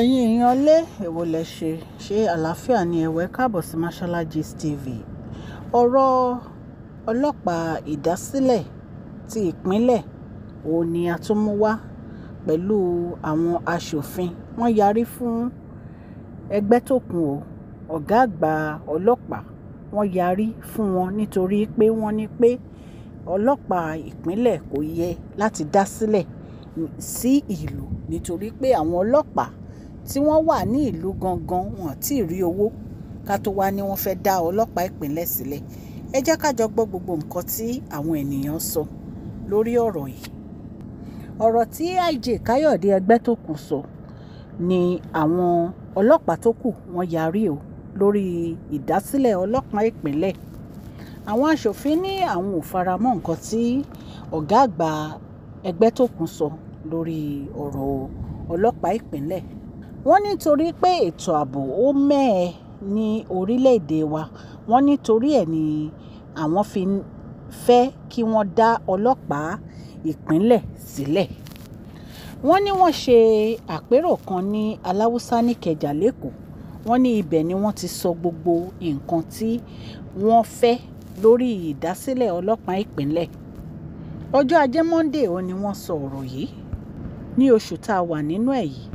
ẹ̀yin èèyàn lé èwo lẹ ṣe ṣé àlàáfíà ni ẹ̀wẹ́ káàbọ̀ sí Mashola Gist TV ọ̀rọ̀ ọlọ́pàá ìdásílẹ̀ ti ìpínlẹ̀ òun ni a tún mú wá pẹ̀lú àwọn aṣòfin wọ́n yarí fún ẹgbẹ́ tó kù o ọ̀gá àgbà ọlọ́pàá wọ́n yarí fún wọn nítorí pé wọ́n ní pé ọlọ́pàá ìpínlẹ̀ kò yẹ láti dá sílẹ̀ sí ìlú nítorí pé àwọn ọlọ́pàá tí wọ́n wà ní ìlú gangan wọn tí ì rí owó ká tó wá ní wọ́n fẹ́ dá ọlọ́pàá ìpínlẹ̀ sílẹ̀ ẹ jẹ́ ká jọ gbọ́ gbogbo nǹkan tí àwọn ènìyàn sọ lórí ọ̀rọ̀ yìí ọ̀rọ̀ tí IJ Káyọ̀dé Ẹgbẹ́tókùn sọ ni àwọn ọlọ́pàá tó kù wọ́n yarí o lórí ìdásílẹ̀ ọlọ́pàá ìpínlẹ̀ àwọn aṣòfin ní àwọn ò faramọ́ nǹkan tí ọ̀gá àgbà Ẹgbẹ́tókùn sọ lórí ọ̀rọ̀ ọlọ́pàá ìpínlẹ̀ Wọ́n nítorí pé ètò ààbò ó mẹ́ẹ̀ ní orílẹ̀-èdè wa, wọ́n nítorí ẹ̀ ni àwọn fi fẹ́ kí wọ́n dá ọlọ́pàá ìpínlẹ̀ sílẹ̀. Wọ́n ní wọ́n ṣe àpérò kan ní Aláwùsá ní Ìkẹjà lékòó. Wọ́n ní ibẹ̀ ni wọ́n ti sọ gbogbo nǹkan tí wọ́n fẹ́ lórí ìdásílẹ̀ ọlọ́pàá ìpínlẹ̀. Ọjọ́ ajé Monday òní wọ́n sọ ọ̀rọ̀ yìí ní oṣù ta wà nínú ẹ̀ yìí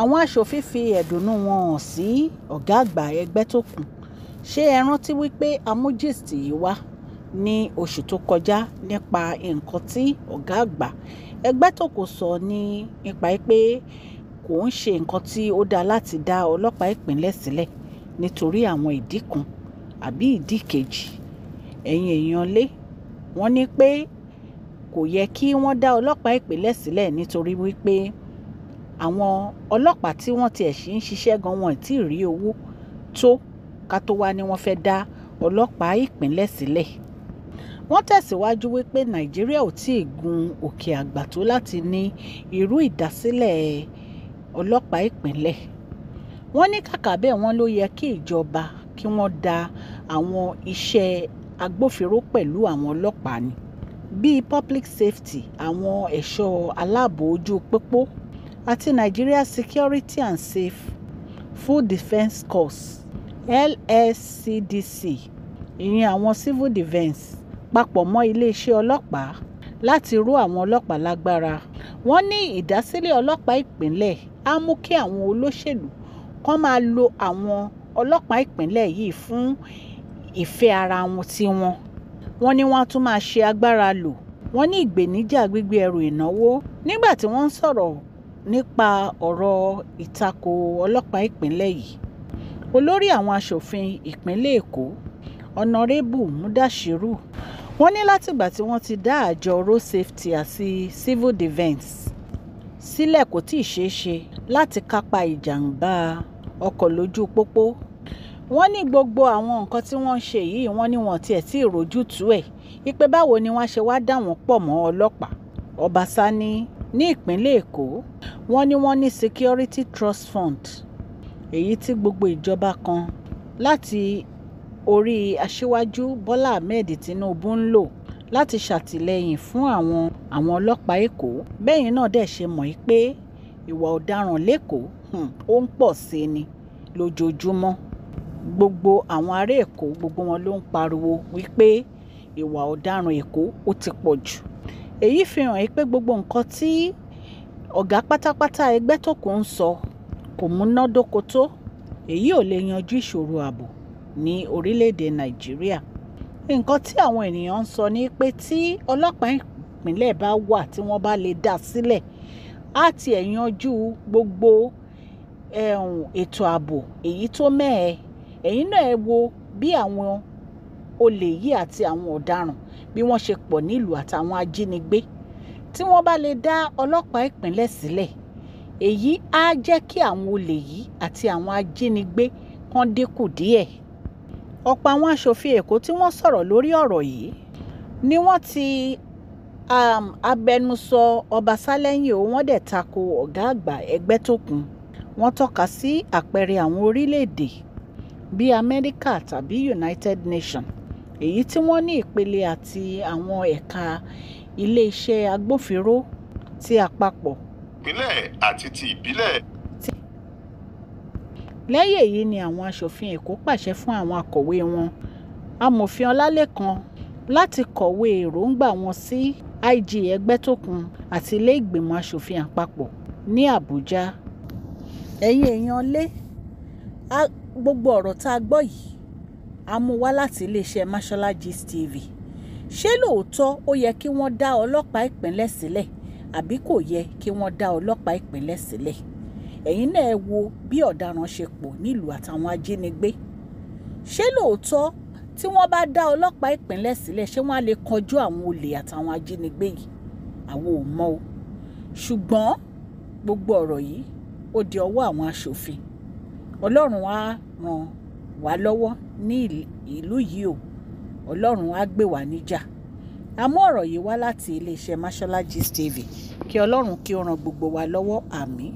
àwọn aṣòfin fi ẹ̀dùnnú wọn hàn sí ọ̀gá àgbà ẹgbẹ́ tó kù ṣé ẹ rántí wípé amúgist yìí wá ní oṣù tó kọjá nípa nǹkan tí ọ̀gá àgbà ẹgbẹ́ tó kù sọ ní nípa pé kò ń ṣe nǹkan tí ó dáa láti dá ọlọ́pàá ìpínlẹ̀ sílẹ̀ nítorí àwọn ìdí kan àbí ìdí kejì ẹ̀yin èèyàn lé wọ́n ní pé kò yẹ kí wọ́n dá ọlọ́pàá ìpínlẹ̀ sílẹ̀ nítorí wípé àwọn ọlọ́pàá tí wọ́n tiẹ̀ sì ń ṣiṣẹ́ gan wọn tí ì rí owó tó ká tó wá ní wọ́n fẹ́ dá ọlọ́pàá ìpínlẹ̀ sílẹ̀. Wọ́n tẹ̀síwájú wípé Nàìjíríà ò tí ì gun òkè àgbà tó láti ní irú ìdásílẹ̀ ọlọ́pàá ìpínlẹ̀. Wọ́n ní kàkà bẹ́ẹ̀ wọ́n ló yẹ kí ìjọba kí wọ́n da àwọn iṣẹ́ agbófinró pẹ̀lú àwọn ọlọ́pàá ni bíi public safety àwọn ẹ̀ṣọ́ aláàbò ojú pópó àti Nigeria Security and Safe Full Defence Course LSCDC ìyẹn àwọn civil defence papọ̀ mọ́ iléeṣẹ́ ọlọ́pàá láti ró àwọn ọlọ́pàá lágbára wọ́n ní ìdásílẹ̀ ọlọ́pàá ìpínlẹ̀ á mú kí àwọn olóṣèlú kan máa lo àwọn ọlọ́pàá ìpínlẹ̀ yìí fún ìfẹ́ ara wọn tí wọn wọ́n ní wọ́n tún máa ṣe agbára lò wọ́n ní ìgbèníjà gbígbé ẹrù ìnáwó nígbà tí wọ́n ń sọ̀rọ̀ nípa ọ̀rọ̀ ìtakò ọlọ́pàá ìpínlẹ̀ yìí olórí àwọn asòfin ìpínlẹ̀ èkó ọ̀nàrẹ́bù mudashiru wọ́n ní látìgbà tí wọ́n ti dá àjọ road safety àti civil defence sílẹ̀ kò tí ì ṣeé ṣe láti kápá ìjàǹbá ọkọ̀ lójú pópó wọ́n ní gbogbo àwọn nǹkan tí wọ́n ń ṣe yìí wọ́n ní wọ́n tiẹ̀ tí ì tú ẹ̀ ìpè báwo ni wọ́n ṣe wá dà wọ́n pọ̀ mọ́ ọlọ́pàá ọbaṣá ní ní ìpínlẹ̀ èkó wọ́n ní wọ́n ní security trust fund èyí tí gbogbo ìjọba kan láti orí aṣíwájú bọ́lá ahmed tinubu ń lò láti ṣàtìlẹ́yìn fún àwọn àwọn ọlọ́pàá èkó bẹ́yìn náà dẹ̀ ṣe mọ̀ pé ìwà ọ̀daràn lẹ́kọ̀ọ́ hmm, ó ń pọ̀ sí ni lójoojúmọ́ gbogbo àwọn ará èkó gbogbo wọn ló ń pariwo wípé ìwà ọ̀daràn èkó ó ti pọ̀ jù èyí fi hàn pé gbogbo nǹkan tí ọ̀gá pátápátá ẹgbẹ́ tó kù ń sọ kò múnádóko tó èyí ò lè yanjú ìṣòro ààbò ní orílẹ̀-èdè nàìjíríà nǹkan tí àwọn ènìyàn ń sọ ni pé tí ọlọ́pàá ìpínlẹ̀ bá wà tí wọ́n bá lè dá sílẹ̀ á tiẹ̀ yanjú gbogbo ètò ààbò èyí tó mẹ́ẹ̀ ẹ̀yìn náà ẹ wo bí àwọn olè yìí àti àwọn ọ̀daràn bí wọ́n ṣe pọ̀ nílùú àtàwọn ajínigbé tí wọ́n bá lè dá ọlọ́pàá ìpínlẹ̀ sílẹ̀ èyí á jẹ́ kí àwọn olè yìí àti àwọn ajínigbé kan dínkù díẹ̀ ọ̀pọ̀ àwọn aṣòfin èkó tí wọ́n sọ̀rọ̀ lórí ọ̀rọ̀ yìí ni wọ́n ti um, abẹnusọ ọba sálẹ́yìn o wọ́n dẹ̀ tako ọ̀gá àgbà ẹgbẹ́ tó kù wọ́n tọ́ka sí àpẹẹrẹ àwọn orílẹ̀-èdè bíi amẹ́ríkà tàbí united nations èyí tí wọ́n ní ìpele àti àwọn ẹ̀ka iléeṣẹ́ agbófinró ti àpapọ̀. ìpínlẹ̀ àti ti ìbílẹ̀. lẹ́yìn èyí ni àwọn aṣòfin èkó pàṣẹ fún àwọn akọ̀wé wọn amòfin ọlálẹ́kan láti kọ̀wé èròǹgbà wọn sí ig ẹgbẹ́tókun àti ilé ìgbìmọ̀ asòfin àpapọ̀ ní àbújá. ẹ̀yin èèyàn lé gbogbo ọ̀rọ̀ tá a gbọ́ yìí a mú wá láti iléeṣẹ́ Mashola Gist TV ṣé lóòótọ́ ó yẹ kí wọ́n dá ọlọ́pàá ìpínlẹ̀ sílẹ̀ àbí kò yẹ kí wọ́n dá ọlọ́pàá ìpínlẹ̀ sílẹ̀ ẹ̀yin náà ẹ wo bí ọ̀daràn ṣe pọ̀ nílùú àtàwọn ajínigbé ṣé lóòótọ́ tí wọ́n bá dá ọlọ́pàá ìpínlẹ̀ sílẹ̀ ṣé wọ́n á lè kọjú àwọn olè àtàwọn ajínigbé yìí àwọn ò mọ̀ o ṣùgbọ́n gbogbo ọ̀rọ̀ yìí ó di ọwọ́ àwọn aṣòfin ọlọ́run á ràn wá lọ́wọ́ ní ìlú yìí o ọlọ́run á gbè wá níjà a mú ọ̀rọ̀ yìí wá láti iléeṣẹ́ mashola tv kí ọlọ́run kí ó ran gbogbo wa lọ́wọ́ àmín